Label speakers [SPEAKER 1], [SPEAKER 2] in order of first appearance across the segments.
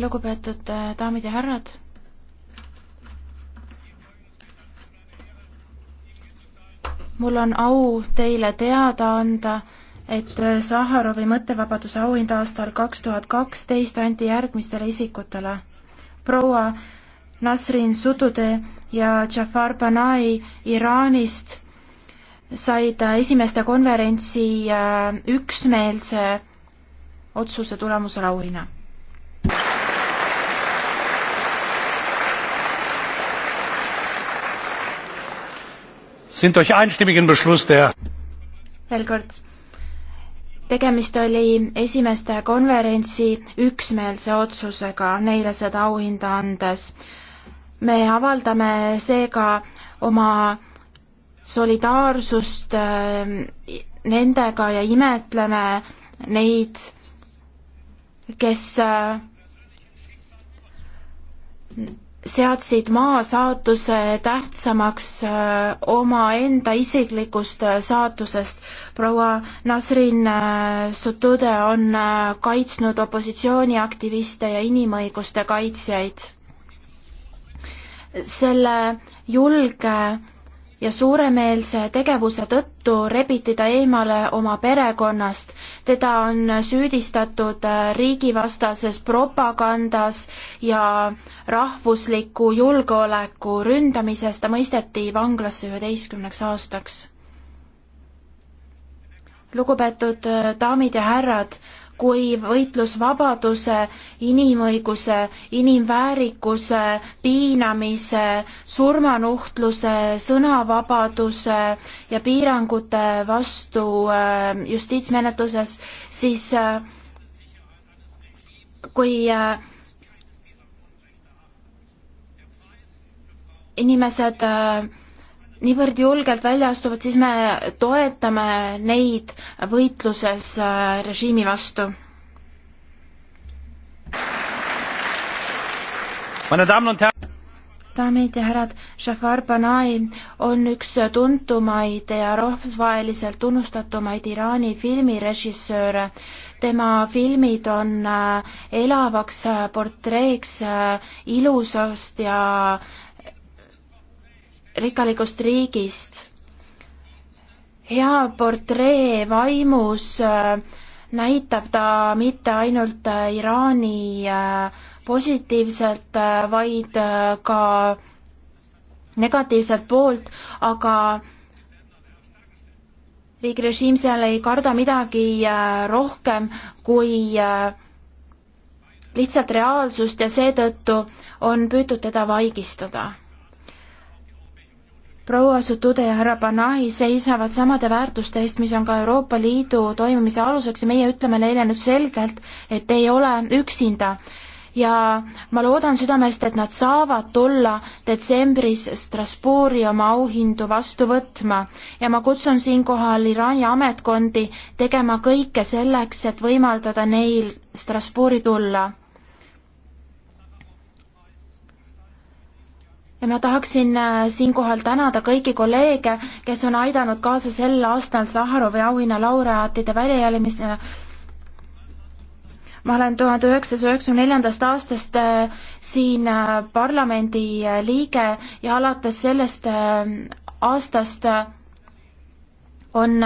[SPEAKER 1] lugupeetud äh, daamid ja härrad. mul on au teile teada anda, et äh, Saharovi mõttevabaduse auhind aastal kaks tuhat kaksteist anti järgmistele isikutele. proua Nasrin Sutudee ja Jafar Banai Iraanist said äh, esimeste konverentsi üksmeelse otsuse tulemusel auhinna
[SPEAKER 2] sind durch einstimmigen Beschluss der
[SPEAKER 1] veel kord, tegemist oli esimeste konverentsi üksmeelse otsusega neile seda auhinda andes. me avaldame seega oma solidaarsust äh, nendega ja imetleme neid, kes äh, seadsid maa saatuse tähtsamaks äh, omaenda isiklikust äh, saatusest. proua Nasrin äh, Sotude on kaitsnud opositsiooniaktiviste ja inimõiguste kaitsjaid. selle julge ja suuremeelse tegevuse tõttu rebiti ta eemale oma perekonnast. teda on süüdistatud riigivastases propagandas ja rahvusliku julgeoleku ründamises, ta mõisteti vanglasse üheteistkümneks aastaks. lugupeetud daamid ja härrad, kui võitlus vabaduse, inimõiguse, inimväärikuse, piinamise, surmanuhtluse, sõnavabaduse ja piirangute vastu äh, justiitsmenetluses, siis äh, kui äh, inimesed niivõrd julgelt välja astuvad, siis me toetame neid võitluses äh, režiimi vastu. daamid ja härrad, Jafar Banai on üks tuntumaid ja rahvusvaheliselt tunnustatumaid Iraani filmirežissööre. tema filmid on äh, elavaks äh, portreeks ilusast ja äh, rikkalikust riigist. hea portree vaimus äh, näitab ta mitte ainult äh, Iraani äh, positiivselt, vaid ka negatiivselt poolt, aga riigirežiim seal ei karda midagi rohkem kui lihtsalt reaalsust ja seetõttu on püütud teda vaigistada proua Sutude ja härra Banai seisavad samade väärtuste eest, mis on ka Euroopa Liidu toimimise aluseks ja meie ütleme neile nüüd selgelt, et ei ole üksinda. ja ma loodan südamest, et nad saavad tulla detsembris Strasbourgi oma auhindu vastu võtma ja ma kutsun siinkohal Iraani ametkondi tegema kõike selleks, et võimaldada neil Strasbourgi tulla ja ma tahaksin äh, siinkohal tänada kõiki kolleege, kes on aidanud kaasa sel aastal Saharovi auhinna laureaatide väljajäämisele. ma olen tuhande üheksasaja üheksakümne neljandast aastast äh, siin äh, parlamendi liige ja alates sellest aastast on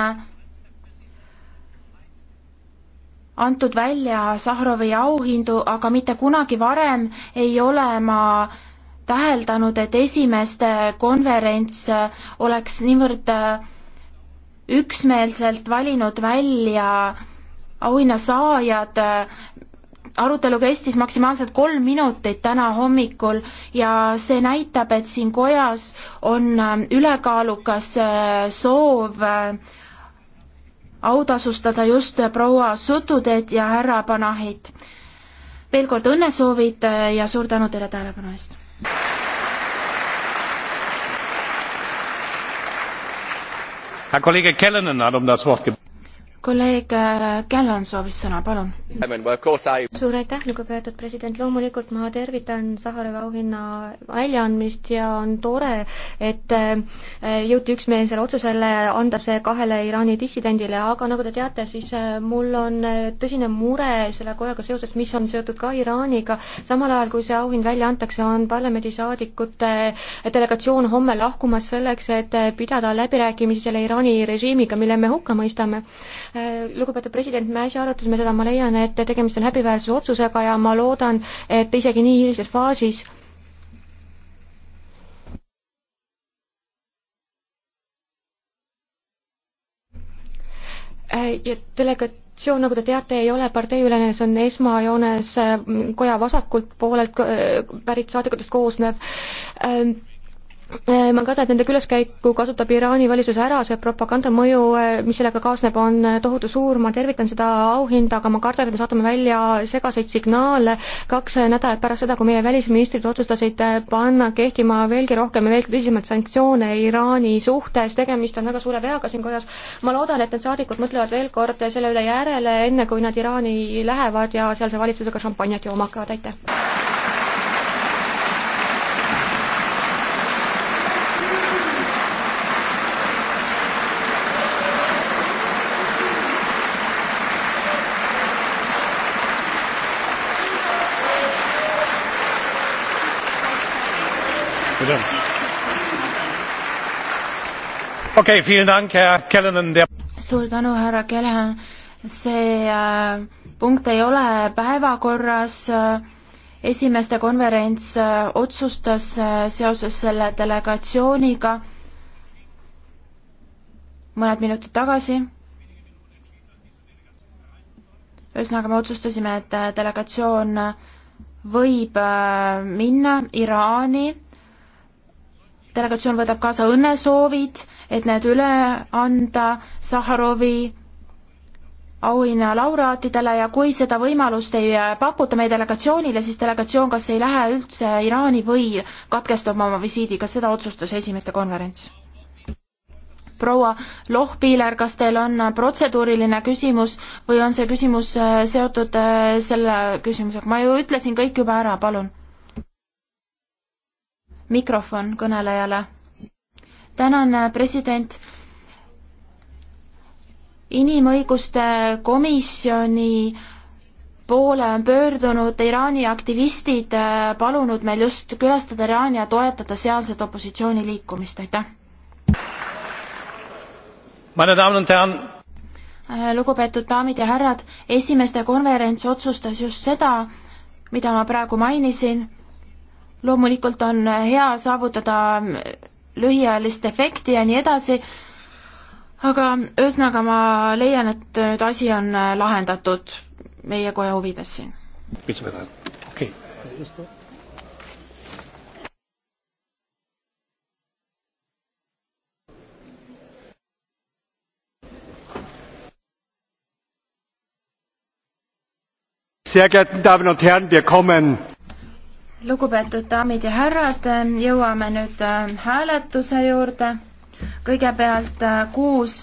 [SPEAKER 1] antud välja Sahhrovi auhindu, aga mitte kunagi varem ei ole ma täheldanud, et esimeste konverents oleks niivõrd üksmeelselt valinud välja auhinnasaajad, arutelu kestis maksimaalselt kolm minutit täna hommikul ja see näitab, et siin kojas on ülekaalukas soov autasustada just proua Sututeed ja härra Panahit. veel kord õnnesoovid ja suur tänu teile tähelepanu eest! kolleeg Kellen soovis sõna, palun
[SPEAKER 2] suur aitäh, lugupeetud president, loomulikult ma tervitan Saharovi auhinna väljaandmist ja on tore, et äh, jõuti üksmeelsele otsusele anda see kahele Iraani dissidendile, aga nagu te teate, siis äh, mul on äh, tõsine mure selle korraga seoses, mis on seotud ka Iraaniga. samal ajal, kui see auhind välja antakse, on parlamendisaadikute delegatsioon homme lahkumas selleks, et pidada läbirääkimisi selle Iraani režiimiga, mille me hukka mõistame. lugupeetud president, me äsja arutasime seda, ma leian, et tegemist on häbiväärse otsusega ja ma loodan, et isegi nii hilises faasis äh, ja delegatsioon, nagu te teate, ei ole parteiülene, see on esmajoones äh, koja vasakult poolelt äh, pärit saadikutest koosnev ähm, Eh, ma kardan, et nende külaskäiku kasutab Iraani valitsus ära, see propaganda mõju, eh, mis sellega kaasneb, on eh, tohutu suur, ma tervitan seda auhinda, aga ma kardan, et me saadame välja segaseid signaale kaks nädalat pärast seda, kui meie välisministrid otsustasid panna kehtima veelgi rohkem ja veelgi tõsisemaid sanktsioone Iraani suhtes, tegemist on väga suure veaga siin kojas. ma loodan, et need saadikud mõtlevad veel kord selle üle järele, enne kui nad Iraani lähevad ja sealse valitsusega šampanjat jooma hakkavad, aitäh! Okay, dank, Kellenen, der...
[SPEAKER 1] suur tänu, härra Kelhan. see äh, punkt ei ole päevakorras äh, esimeste konverents äh, otsustas äh, seoses selle delegatsiooniga mõned minutid tagasi. ühesõnaga, me otsustasime, et äh, delegatsioon võib äh, minna Iraani delegatsioon võtab kaasa õnnesoovid, et need üle anda Saharovi auhinna laureaatidele ja kui seda võimalust ei pakuta meie delegatsioonile, siis delegatsioon kas ei lähe üldse Iraani või katkestab oma visiidi, kas seda otsustas esimeste konverents? proua Lohpiiler, kas teil on protseduuriline küsimus või on see küsimus äh, seotud äh, selle küsimusega, ma ju ütlesin kõik juba ära, palun mikrofon kõnelejale. tänan, äh, president. inimõiguste komisjoni poole on pöördunud Iraani aktivistid, äh, palunud meil just külastada Iraani ja toetada sealset opositsiooniliikumist, aitäh.
[SPEAKER 2] Äh,
[SPEAKER 1] lugupeetud daamid ja härrad, esimeste konverents otsustas just seda, mida ma praegu mainisin loomulikult on hea saavutada lühiajalist efekti ja nii edasi, aga ühesõnaga ma leian, et nüüd asi on lahendatud meie koja huvides siin.
[SPEAKER 2] okei okay.. sehr geehrten damen und herren wir kommen
[SPEAKER 1] lugupeetud daamid ja härrad, jõuame nüüd äh, hääletuse juurde. kõigepealt äh, kuus